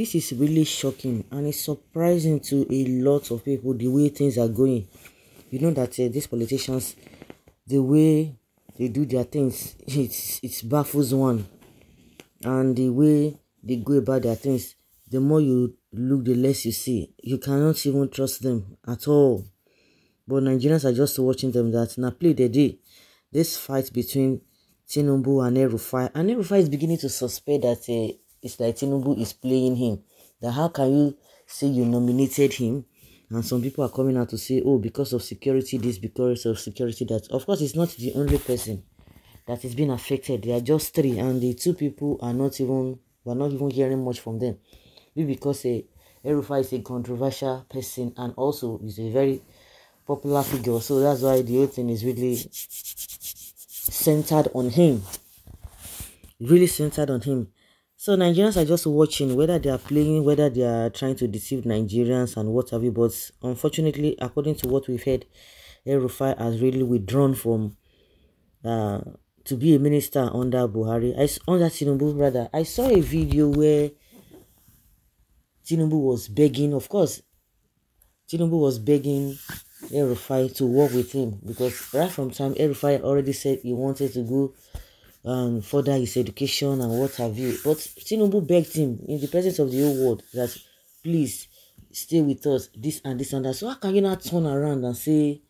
this is really shocking and it's surprising to a lot of people the way things are going you know that uh, these politicians the way they do their things it's it baffles one and the way they go about their things the more you look the less you see you cannot even trust them at all but nigerians are just watching them that now play the day this fight between tinubu and erufai and erufai is beginning to suspect that uh, it's like Tinubu is playing him. That how can you say you nominated him? And some people are coming out to say, oh, because of security, this, because of security, that. Of course, it's not the only person that is being affected. There are just three, and the two people are not even, we're not even hearing much from them. Maybe because uh, Erufa is a controversial person and also is a very popular figure. So that's why the whole thing is really centered on him. Really centered on him. So Nigerians are just watching whether they are playing, whether they are trying to deceive Nigerians and what have you. But unfortunately, according to what we've heard, Erufai has really withdrawn from uh, to be a minister under Buhari. I, under Tinubu, rather. I saw a video where Tinubu was begging, of course, Tinubu was begging Erufai to work with him because right from time Erufai already said he wanted to go um, further his education and what have you. But Tinubu begged him in the presence of the whole world that please stay with us, this and this and that. So how can you not turn around and say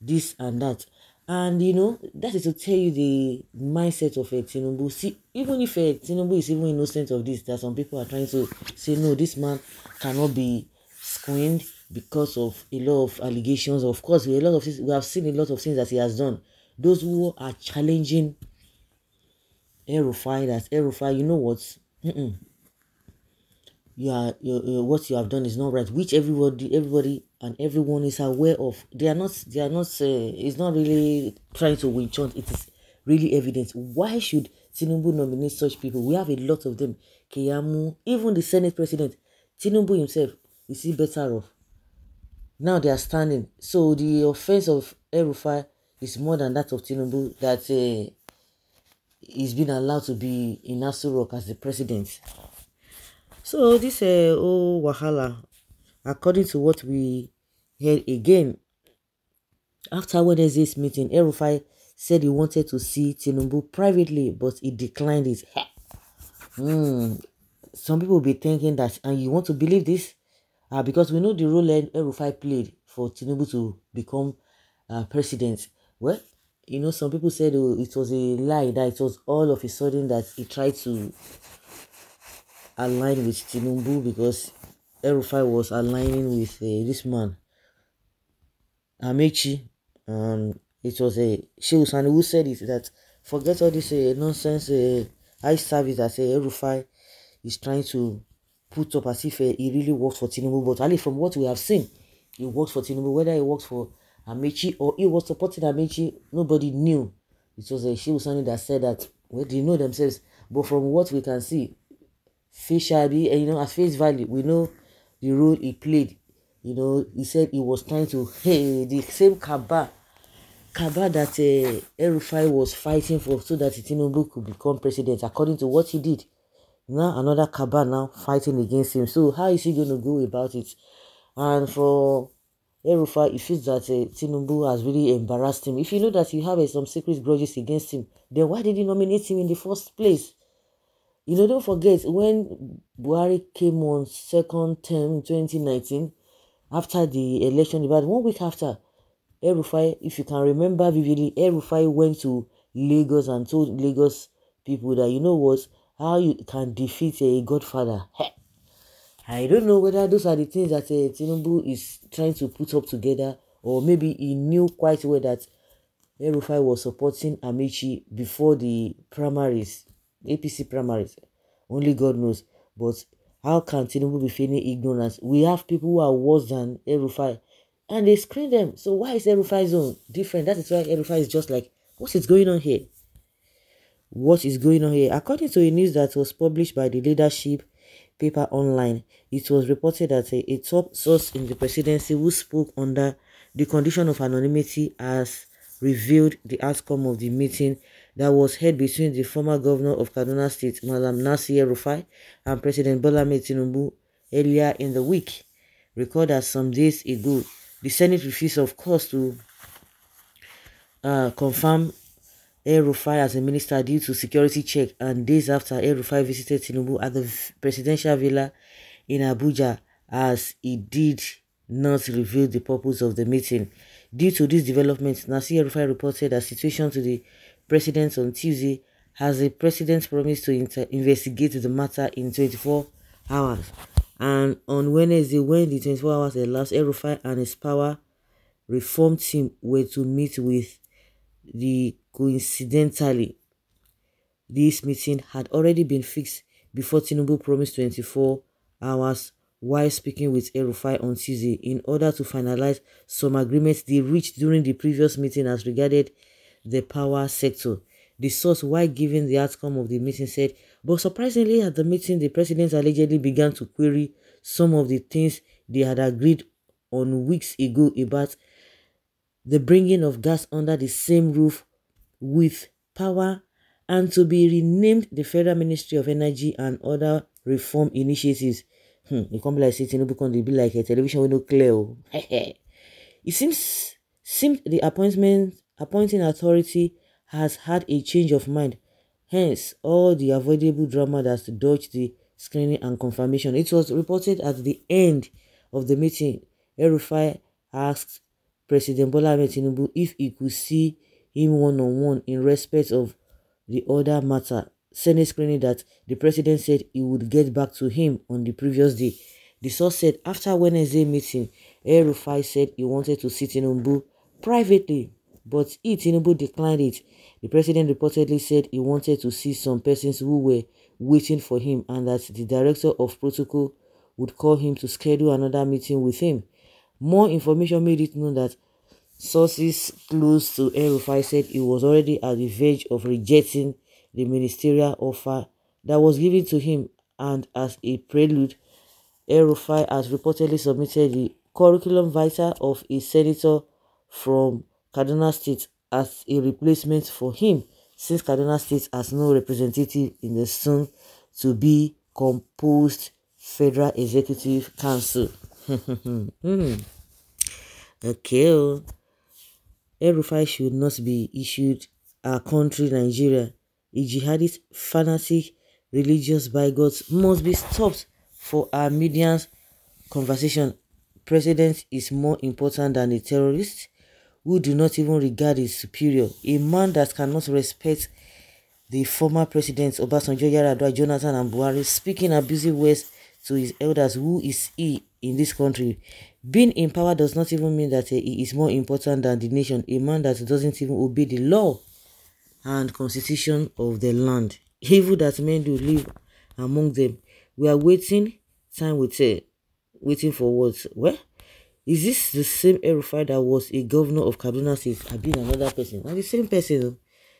this and that? And you know, that is to tell you the mindset of a Tinubu. See, even if a Tinubu is even innocent of this, that some people are trying to say, no, this man cannot be screened because of a lot of allegations. Of course, we a lot of things, we have seen a lot of things that he has done. Those who are challenging Erufai that Erufai, you know what? Mm-mm. You are you, you, what you have done is not right, which everybody everybody and everyone is aware of. They are not they are not uh, it's not really trying to win chant. It is really evident. Why should Tinubu nominate such people? We have a lot of them. Kiyamu, even the Senate President, Tinubu himself, is he better off? Now they are standing. So the offense of Erufai is more than that of Tinubu that uh, he's been allowed to be in Nassau Rock as the president. So this uh, oh wahala, according to what we heard again, after Wednesday's meeting, Erufai said he wanted to see Tinubu privately, but he declined it. mm. Some people be thinking that, and you want to believe this? Uh, because we know the role Erufai played for Tinubu to become uh, president. Well, you know some people said oh, it was a lie that it was all of a sudden that he tried to align with Tinubu because Erufai was aligning with uh, this man Amechi and it was a uh, Shehu Sani who said it that forget all this uh, nonsense uh, high service that uh, Erufai is trying to put up as if uh, he really works for Tinubu but at from what we have seen he works for Tinubu whether he works for Amici or he was supporting Amici, nobody knew. It was a something that said that, well, they know themselves. But from what we can see, Fishabi, and eh, you know, at face value, we know the role he played. You know, he said he was trying to, hey, the same Kaba, Kaba that uh, Erufai was fighting for so that Tinubu could become president, according to what he did. Now another Kaba now fighting against him. So how is he going to go about it? And for Erufa, he feels that uh, Tinubu has really embarrassed him. If you know that you have uh, some secret grudges against him, then why did he nominate him in the first place? You know, don't forget when Buhari came on second term 2019, after the election, about one week after, Erufai, if you can remember vividly, Erufai went to Lagos and told Lagos people that you know what, how you can defeat a godfather. I don't know whether those are the things that uh, Tinubu is trying to put up together, or maybe he knew quite well that Erufai was supporting Amici before the primaries, APC primaries. Only God knows. But how can Tinubu be feigning ignorance? We have people who are worse than Erufai, and they screen them. So why is Erufai's zone different? That is why Erufai is just like, what is going on here? What is going on here? According to a news that was published by the leadership paper online, it was reported that a, a top source in the presidency who spoke under the condition of anonymity has revealed the outcome of the meeting that was held between the former governor of Kaduna State, Malam Nasir Rufai, and President Bola Tinubu earlier in the week. Record that some days ago, the Senate refused, of course, to uh, confirm El Rufai as a minister due to security check and days after El Rufai visited Tinubu at the presidential villa in Abuja as he did not reveal the purpose of the meeting. Due to this development, Nasir Rufai reported a situation to the president on Tuesday as the president promised to investigate the matter in 24 hours. And on Wednesday, when the 24 hours elapsed, El Rufai and his power reform team were to meet with the Coincidentally, this meeting had already been fixed before Tinubu promised 24 hours while speaking with Erufai on Tuesday in order to finalize some agreements they reached during the previous meeting as regarded the power sector. The source, while giving the outcome of the meeting, said, but surprisingly at the meeting, the president allegedly began to query some of the things they had agreed on weeks ago about the bringing of gas under the same roof with power and to be renamed the Federal Ministry of Energy and other reform initiatives. Hmm, you can't like sitting because they be like a television with no clear. Oh. it seems seems the appointment appointing authority has had a change of mind. Hence, all the avoidable drama that's dodged the screening and confirmation. It was reported at the end of the meeting. Erufai asked President Bola Tinubu if he could see him one-on-one in respect of the other matter, Senate screening that the president said he would get back to him on the previous day. The source said after Wednesday meeting, El Rufai said he wanted to see Tinubu privately, but he, Tinubu, declined it. The president reportedly said he wanted to see some persons who were waiting for him and that the director of protocol would call him to schedule another meeting with him. More information made it known that Sources close to El said he was already at the verge of rejecting the ministerial offer that was given to him, and as a prelude, El has reportedly submitted the curriculum vitae of a senator from Kaduna State as a replacement for him, since Kaduna State has no representative in the soon to be composed Federal Executive Council. Hmm. okay. Oh. El-Rufai should not be issued our country Nigeria. A jihadist fanatic religious bigots must be stopped for our media's conversation. President is more important than a terrorist who do not even regard his superior. A man that cannot respect the former presidents Obasanjo, Yaradua, Jonathan and Buhari speaking abusive words to his elders. Who is he in this country? Being in power does not even mean that he is more important than the nation, a man that doesn't even obey the law and constitution of the land. Evil that men do live among them. We are waiting, time will say, Waiting for what? Well, is this the same Erufai that was a governor of Kaduna State? I've been another person. And the same person,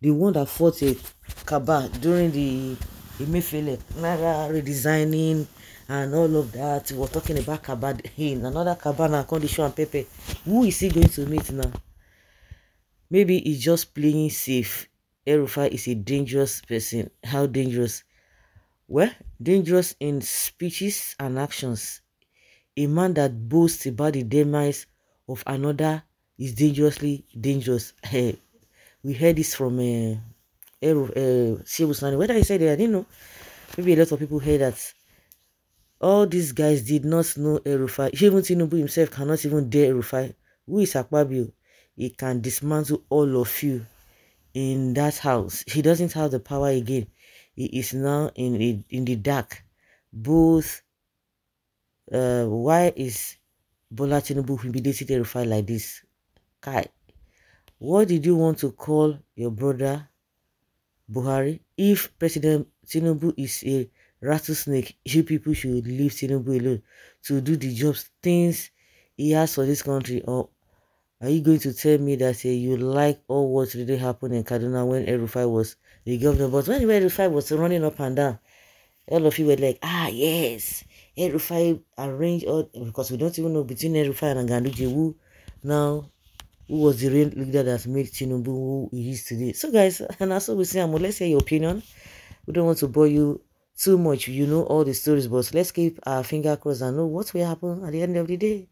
the one that fought a Kaba during the Emefele, Naira redesigning and all of that we were talking about kaba in another kaba condition and pepper who is he going to meet now maybe he's just playing safe erufa is a dangerous person how dangerous well dangerous in speeches and actions a man that boasts about the demise of another is dangerously dangerous. Hey, we heard this from uh, uh, Sani. Whether he said it, I didn't know. Maybe a lot of people heard that. All these guys did not know Erufai. Even Tinubu himself cannot even dare Erufai. Who is Akpabio? He can dismantle all of you in that house. He doesn't have the power again. He is now in in, the dark. Both. Uh, why is Bola Tinubu humiliated Erufai like this? Kai, what did you want to call your brother Buhari if President Tinubu is a rattlesnake, you people should leave Tinubu alone to do the jobs, things he has for this country. Or are you going to tell me that say you like all what really happened in Kaduna when Erufai was the governor? But when Erufai was running up and down, all of you were like, ah, yes, Erufai arranged all, because we don't even know between Erufai and Ganduje who now who was the real leader that made Tinubu who he is today. So guys, and we say I'm let's hear your opinion. We don't want to bore you too much. You know all the stories, but let's keep our finger crossed and know what will happen at the end of the day.